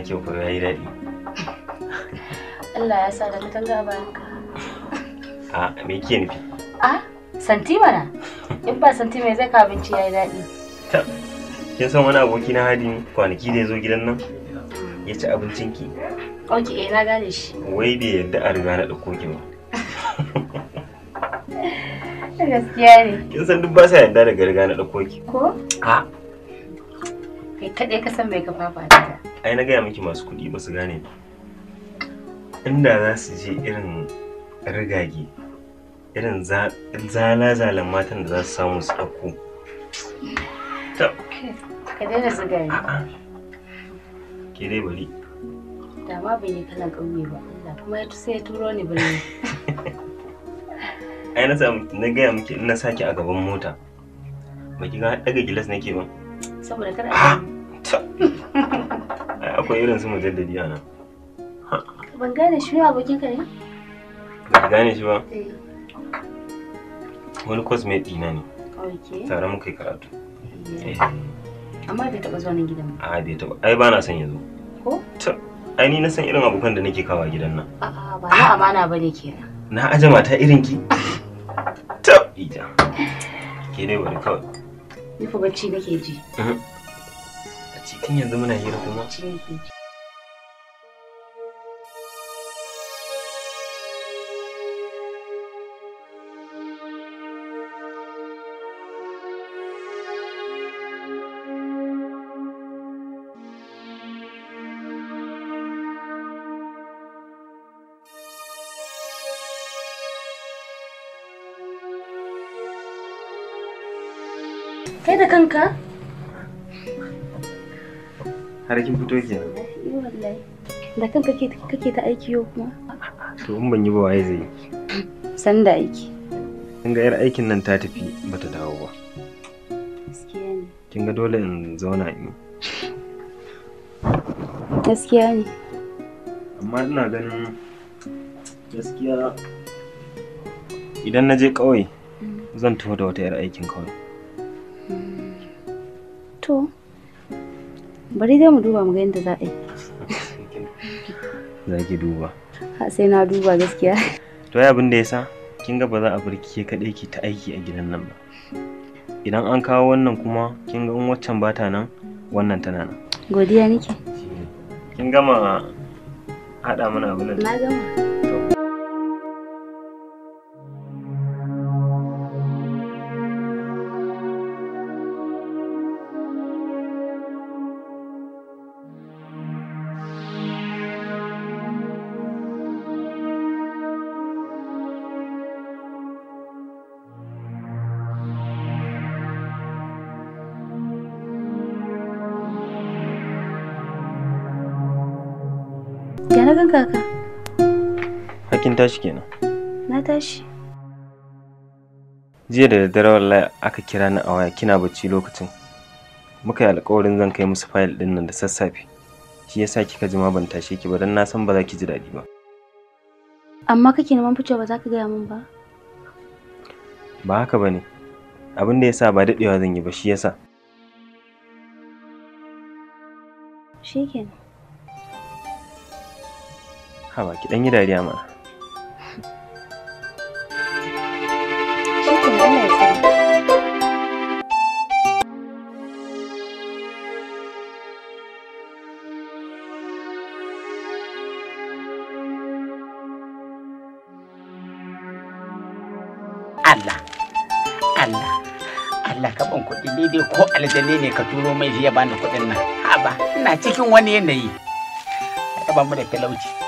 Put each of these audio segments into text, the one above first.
kyau koyo yayi daɗi Allah ya sa da kanga a bayan ka a me ke nufi a santi mana in ba santi mai zai ka abinci yayi daɗi kin san wani aboki na hadi kwanaki da ya zo gidan nan ya ci abincin ki. ok eh na gane shi wai bai yadda a riga na ɗauko ki ba gaskiya ne kin san duk ba sa yadda da riga na ɗauko ki ko a Kai kaɗai ka san mai ka fafata. Ai na gaya miki masu kuɗi ba su gane ba. Inda za su je irin rigage, irin zala-zalan matan da za su samu su ɗauko. Ka daina su gani. Ke dai bari. Da ma bai yi kalan ƙauye ba. Allah kuma ya sai ya turo ni birni. Ai na na gaya miki na sake a gaban mota. Baki ga daga gilas nake ba. Saboda kada a akwai irin su mujaddadi a nan ban gane shi bakin ka ne ban gane shi ba eh. wani cosmate dina ne tare muka yi karatu eh. amma bai taba zuwa nan gidan ba a bai taba ai ba na son ya zo ko ai ni na san irin abokan da nake a gidan nan a'a ba na amana bane kenan na aje mata irin ki ta ita ke dai bari kawai ni fa bacci nake ji mhm. ce tun yanzu muna hira kuma kai da kanka har kin fito ke da kan kake kake ta aiki yau kuma to in ban yi ba waye zai san da aiki kin ga yar aikin nan ta tafi bata dawo ba kin ga dole in zauna in gaskiya ne amma ina ganin gaskiya idan na je kawai mm. zan taho da wata 'yar aikin kawai to bari dai mu duba mu ga yadda za a yi za ki duba sai na duba gaskiya to ya abin da yasa kin ga ba za a barki ke kaɗai ki ta aiki a gidan nan ba idan an kawo wannan kuma kin ga in waccan bata nan wannan tana nan godiya nake kin gama haɗa mana abin nan na gama kaka? Hakin tashi kenan. Na tashi. Jiya da daddare wallahi aka kira ni a waya kina bacci lokacin. Muka yi alƙawarin zan kai musu fayil ɗin nan da sassafe. Shi yasa kika ji ma ban tashe ki ba dan na san ba za ki ji daɗi ba. Amma kake neman fice ba za ka gaya min ba? Ba haka ba ne. Abin da yasa ba daɗewa zan yi ba shi yasa. Shikenan. ha ba ki dan yi dariya ma kuɗi ni dai ko aljanne ne ka turo mai ya bani kuɗin nan haba ina cikin wani yanayi ka ba mu da talauci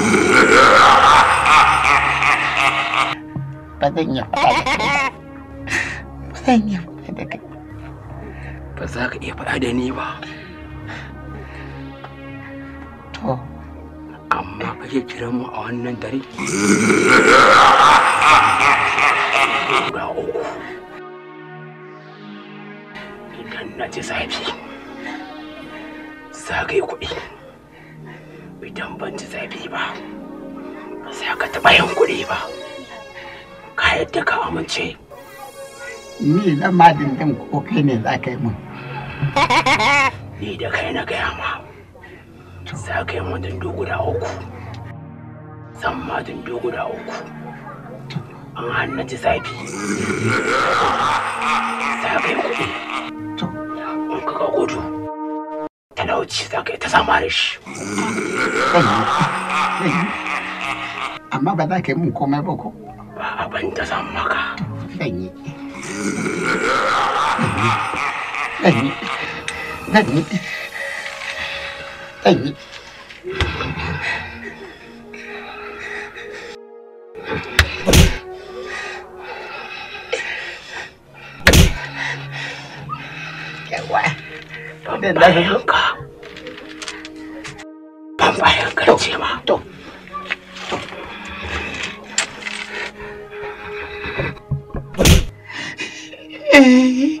ba zan iya faɗa da kai ba zan faɗa ba za ka iya faɗa da ni ba to amma kake kiran mu a wannan dare guda uku idan na ci zafi za yi kuɗi idan ban ci zafi ba ba za ka taɓa yin kuɗi ba yadda ka amince ni na madin din ko kai ne za ka yi mun ni da kai na gaya ma za ka yi madin guda uku zan madin guda uku an hannaci zafi za ka yi kuɗi in ka ga gudu talauci za ka yi ta sama shi amma ba za ka yi mun komai ba ko Abinda zan maka. anh, anh, anh, yi. Zan yi. Zan yi. Yawa. Ban bayan ka. Ban bayan ka ce ma. To. Hey.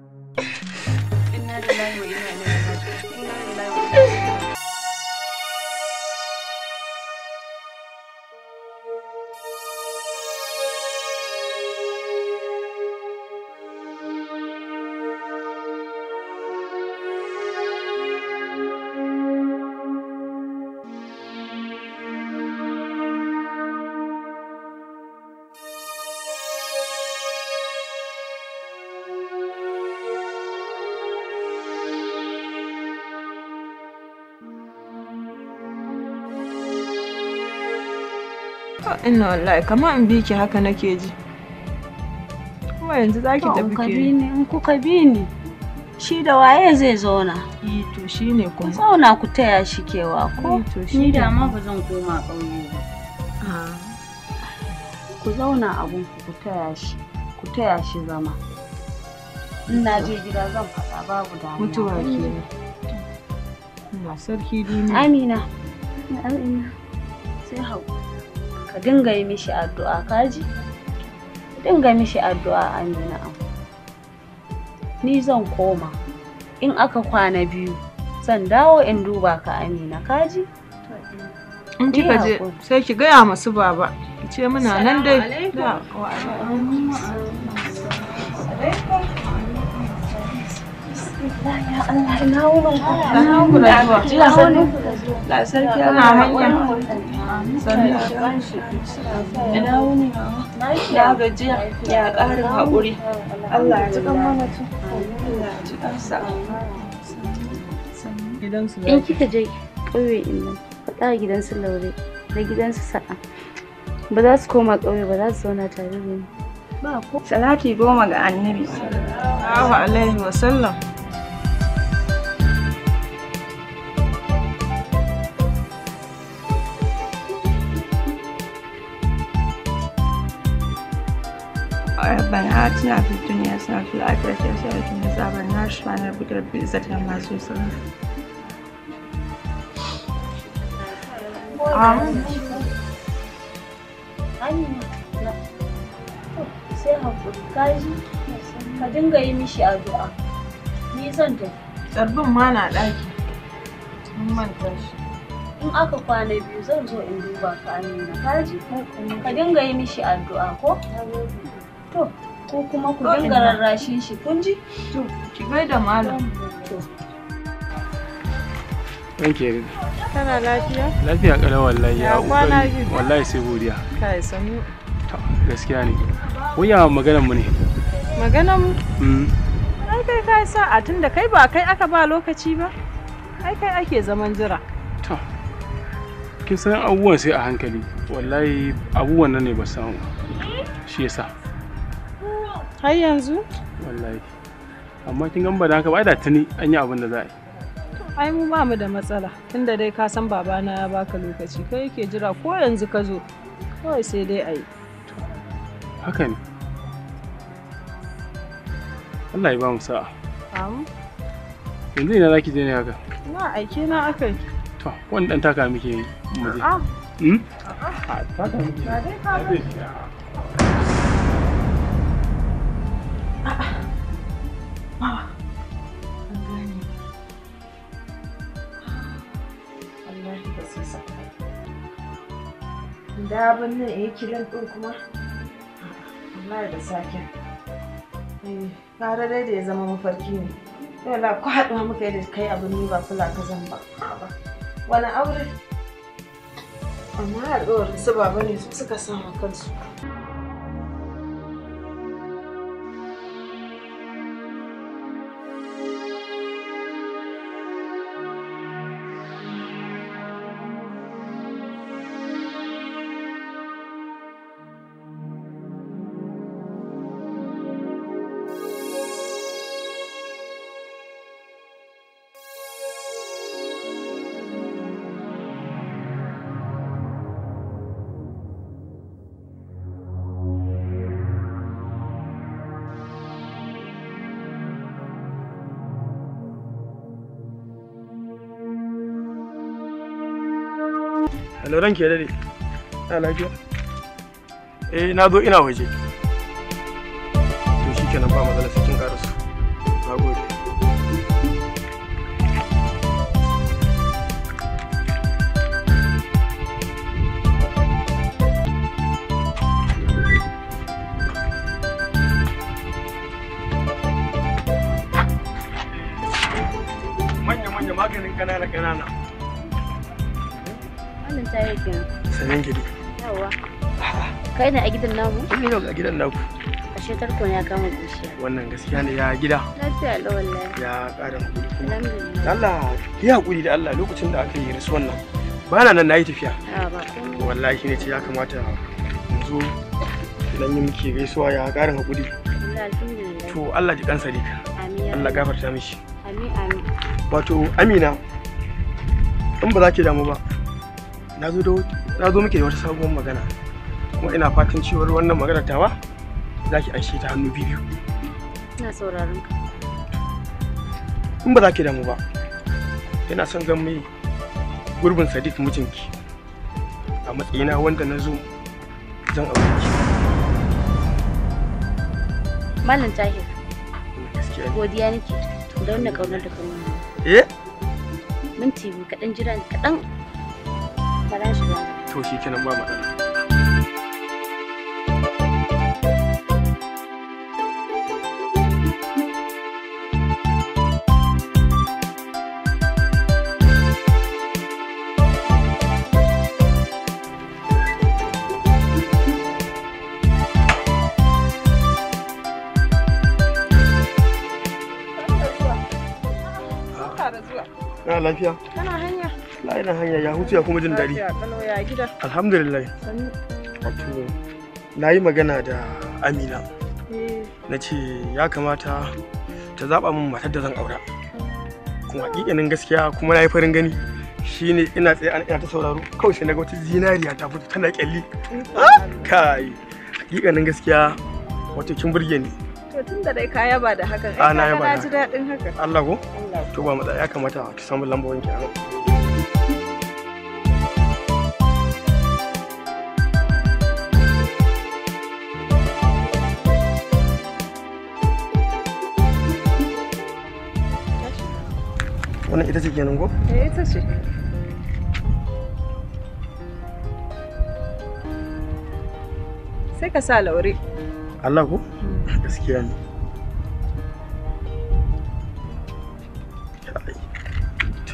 Inna wallahi kamar in bi ki haka nake ji. Kuma yanzu za ki tafi ke. In kuka bi ni, shi da waye zai zauna? Eh to shi ne kuma. Ku zauna ku taya shi kewa ko? Ni da ma ba zan koma ƙauye ba. Ku zauna abun ku taya shi, ku taya shi zama. In na je gida zan faɗa babu damuwa. Mutuwa ke. Mm. Ina sarki duniya. Amina. Amina. Sai haƙuri. ka dinga yi mishi addu'a kaji dinga mishi addu'a amina ni zan koma in aka kwana biyu zan dawo in duba ka amina kaji in kika je sai ki gaya masu baba ce muna nan dai wa alaikum Allah ya ya In kika je ƙauye in nan, faɗa gidansu Laure da gidansu Sa'a. Ba za su koma ƙauye ba za su zauna tare da Salati goma ga annabi. ربنا آتنا في الدنيا حسنة وفي الآخرة حسنة وقنا عذاب النار سبحان ربك رب العزة عما يصفون sai haƙuri kaji ka dinga yi mishi addu'a ni zan tafi tsarbin ma na ɗaki mun manta shi in aka kwana biyu zan zo in duba ka amina kaji ka dinga yi mishi addu'a ko To, ko kuma ku dinga rarrashin shi kun ji? To, ki gaida malam. Ranke Kana lafiya? Lafiya kala wallahi ya kokari. Wallahi sai godiya. Kai sanu. To, gaskiya ne. Wuya maganar mu ne. Maganar mu? Mm. Ai kai kai sa a tunda kai ba kai aka ba lokaci ba. Ai kai ake zaman jira. To. Kin san abubuwan sai a hankali. Wallahi abubuwan nan ne ba samu. Shi yasa. har yanzu wallahi amma kin gamba da haka ba da tuni an yi abin da za a yi ai mu ba mu da matsala tunda dai ka san babana ya baka lokaci kai yake jira ko yanzu ka zo kawai sai dai a yi haka ne Allah ya ba mu sa'a yanzu ina za ki je ne haka na aike na aka yi to wani dan taka muke yi mu je a hmm? taka muke Mama, an gane ba. Wallahi ba sai saka ba. Da abin nan yi kiran ɗin kuma? Wallahi da saken. Fara eh, dai da ya zama mafarki ne. Yau ko haɗuwa muka yi da kai abin ni ba kula ka zan ba. Wani aure? Amma haɗuwar su baba ne suka sama kansu. hello ranke dade ah, eh, na lafiya ina waje to shikenan ba matsala sai na gode maganin kanana safe kenan. Sanin gidi. Yawa. Kai ne a gidan namu? Ni ne a gidan naku. Ashe tarko ya kama zuciya. Wannan gaskiya ne ya gida. Lafiya Allah wallahi. Ya ƙara hakuri kuma. Alhamdulillah. Allah ki haƙuri da Allah lokacin da aka yi rasu wannan. Ba na nan nayi tafiya. A shi ne ce ya kamata mu zo nan yi muke gaisuwa ya ƙarin hakuri. To Allah ji kansa dika. Amin. Allah gafarta mishi. Amin amin. Wato Amina in ba za ki damu ba na zo muke da wata sabuwar magana kuma ina fatan cewar wannan magana tawa za ki anshe ta hannu biyu ina sauraron ka in ba za ki damu ba yana son gan mai gurbin sadiq mijinki a matsayina wanda na zo zan aure ki malam tahir godiya nake da wannan kaunar da kuma. eh minti kaɗan jira kaɗan ba za shi ba to shi ah, lafiya? Wallahi ina hanya ya hutu ya kuma jin daɗi. Alhamdulillah. Wato na yi magana da Amina. Eh. Na ce ya kamata ta zaɓa min matar da zan aura. Kuma ƙiƙinin gaskiya kuma na yi farin gani. shine ina tsaye ana ta sauraro kawai sai na ga wata zinariya ta fito tana kyalli ah! kai hakikanin gaskiya wato kin burge ni to tun da dai ka yaba da hakan ah, ai ji daɗin hakan Allah ko to ba matsala ya kamata ki samu lambobin ki wannan ita ce kenan ko? Eh ita ce. Sai ka sa laure. Allah ko? Hmm. Gaskiya ne.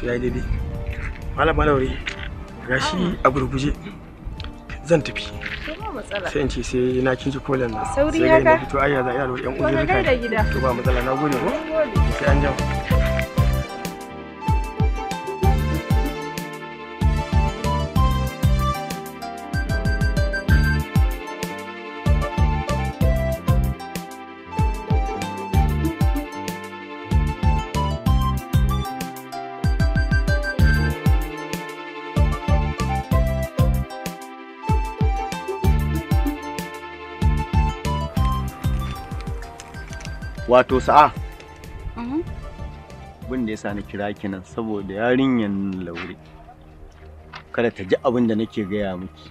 To yayi daidai. Malama laure. Gashi a gurguje. Zan tafi. Sai in ce sai na kinji kolan ya ka? Sai na ayya za yi alwar 'yan uzurka. To ba matsala na gode ko? Sai an jama. wato sa'a mm-hmm. abin da ya sa ni kira kinan saboda yarinyar laure kada ta ji abin da nake gaya miki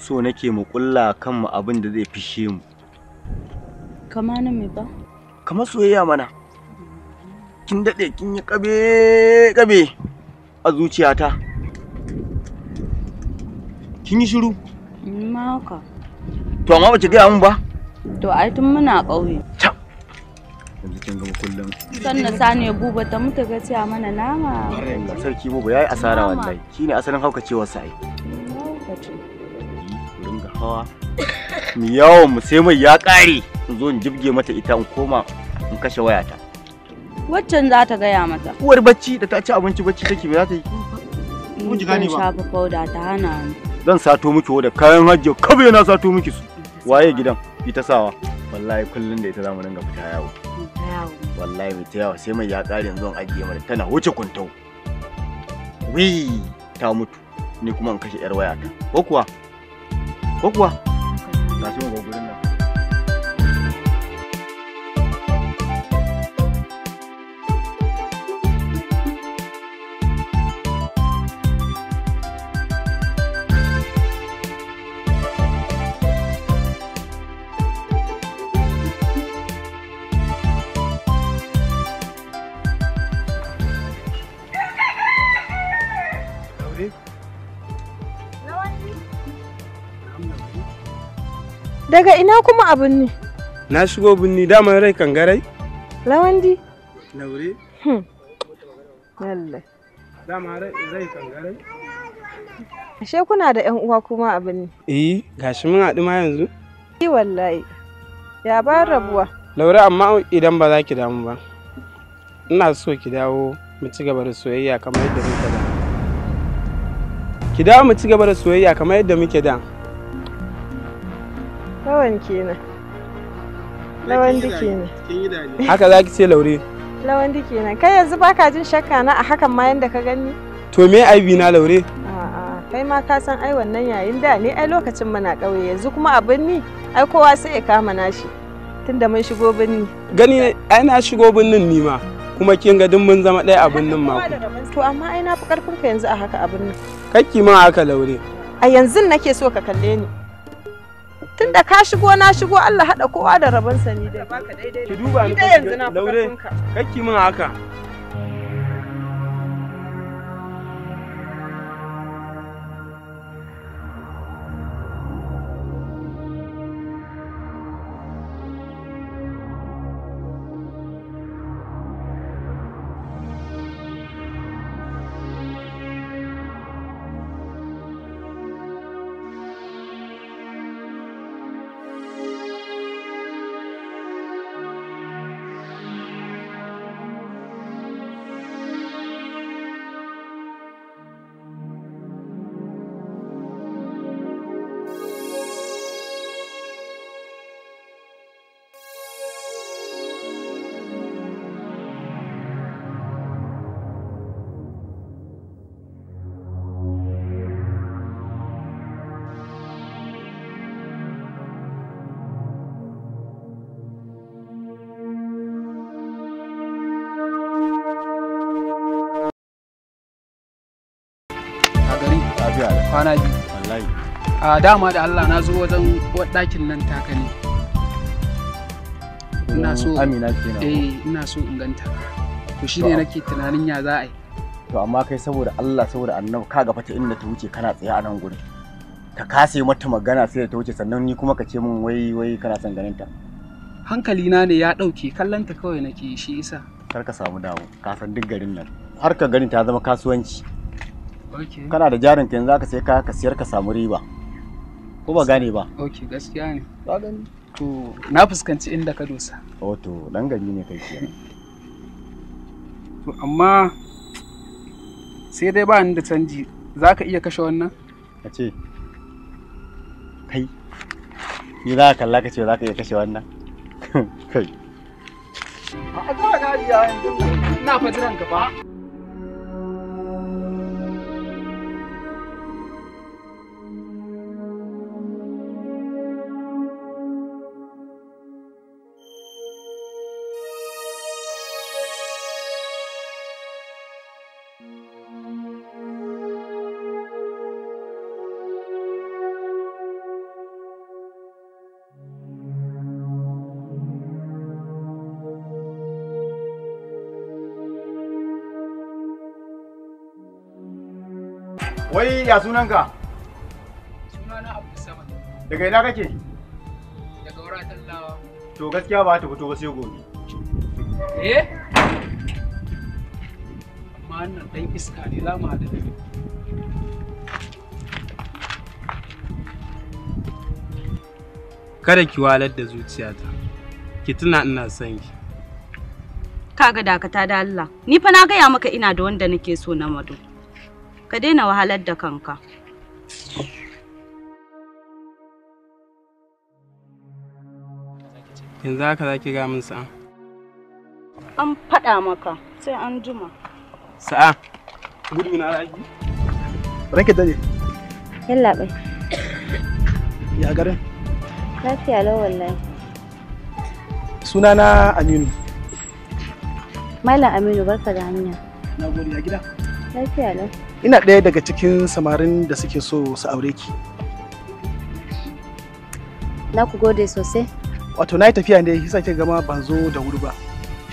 so nake mu kulla kanmu abin da zai fishe mu kama na me ba kama soyayya mana kin daɗe kin yi kabe kabe a zuciyata kin yi shiru ma haka to amma ba ki gaya min ba To ai tun muna ƙauye. Yanzu kin gama kullum. buba ta mutu ga mana nama. sarki buba yayi asara wallahi. Shine asalin haukacewar sa ai. hawa. Mu yawo mu sai mai ya ƙare. In zo in jibge mata ita in koma in kashe wayata. Waccan za ta gaya mata. Uwar bacci da ta ci abinci bacci take mai za ta yi? Kun ji gani ba. Shafa fauda ta hana ni. Zan sato miki wadda kayan hajji kabe na sato miki su. Waye gidan? ita sawa wallahi kullun da ita zamu dinga fita yawo wallahi mai ta yawo sai mai ya kare yanzu an ajiye mata tana wuce kuntau wi ta mutu ni kuma in kashe yar ta ko kuwa ko kuwa ga shi mu ga nan Daga ina kuma a binni? Na shigo binni dama rai garai Lawandi? lauri Hmm. Lallai. Dama rai garai Ashe kuna da yan uwa kuma a binni? Eh, gashi mun haɗu ma yanzu? Eh wallahi. Ya ba rabuwa. lauri amma idan ba za ki damu ba. Ina so ki dawo mu ci gaba da soyayya kamar yadda muke da. Ki dawo mu ci gaba da soyayya kamar yadda muke da. kenan lawan ne haka zaki ce laure lawan dike kai yanzu baka jin shakka na a hakan ma yanda ka gani to me aibi na laure kai ma ka san ai wannan yayin da ne ai lokacin muna ƙauye yanzu kuma a birni ai kowa sai ya kama nashi tunda mun shigo birni gani ai na shigo birnin ni ma kuma kin ga duk mun zama ɗaya a birnin ma to amma ai na fi karfin ka yanzu a haka a birnin kakki ma haka laure a yanzu nake so ka kalle ni tun da ka shigo na shigo Allah haɗa kowa da rabonsa ni dai. Ki duba ni yanzu na laure kakki min haka. kwana biyu wallahi a dama da Allah na zo wajen ɗakin nan taka ne ina so amina kenan eh ina so in ganta to shine nake tunanin ya za a yi to amma kai saboda Allah saboda annabi ka gafa ta inda ta wuce kana tsaye a nan gurin ka kase mata magana sai ta wuce sannan ni kuma ka ce min wai wai kana son ganin ta hankali na ne ya dauke kallon ta kawai nake shi isa kar ka samu damu ka san duk garin nan har ka ganin ta zama kasuwanci kana da jarin yanzu zaka sai ka siyar ka samu riba ko ba gane ba ok gaskiya ne ba to na fuskanci inda ka dosa oh to dan gari ne kai kenan to amma sai dai ba ni da canji zaka iya kashe wannan a ce kai ni za ka kalla ka ce za ka iya kashe wannan kai a ga ga ya ina na jiran ka ba Wai ya sunan ka? Sunana Abdul Samad. Daga ina kake? Daga wuratan lawa. To gaskiya ba ta fito ba sai gobe. Eh? Amma wannan dan iska ne za mu haɗu da Kada ki walar da zuciyata. Ki tuna ina son ki. Kaga dakata da Allah. Ni fa na gaya maka ina da wanda nake so na madu. ka daina wahalar da kanka yanzu haka za ki min sa'a an faɗa maka sai an juma sa'a gudu na raki ranke da ne yalla bai ya garin lafiya lau wallahi sunana aminu malam aminu barka da hanya na gode ya gida Lafiya lau. Ina ɗaya daga cikin samarin da suke so su aure ki. Na ku gode sosai. Wato na yi tafiya ne yasa kika gama ban zo da wuri ba.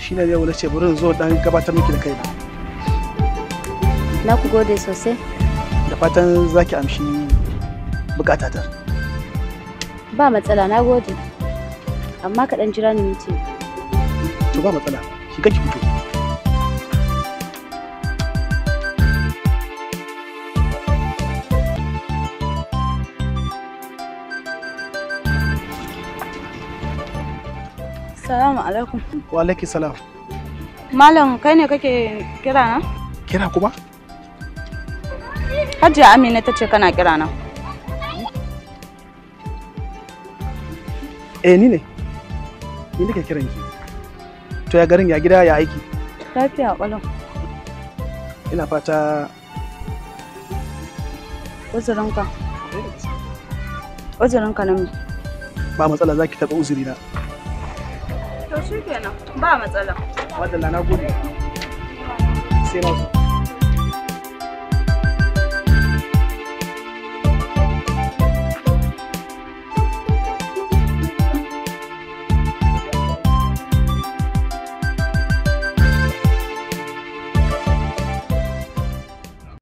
Shi ne yau na ce bari zo dan gabatar miki da kaina. Na ku gode sosai. Da fatan za ki amshi bukatata. Ba matsala na gode. Amma ka dan jira ni minti. To ba matsala. Shiga ki fito. Salamu alaikum. Wa alaikum salam. Malam kai ne kake kira na? Kira kuma? Hajiya Amina ta ce kana kira na. Eh ni ne. Ni nake kiran ki. To ya garin ya gida ya aiki. Lafiya kwalon. Ina fata Uzurinka. Uzurinka na mu. Ba matsala za ki taɓa uzuri na. shi kenan ba matsala. Madalla na gode. Sai na zo.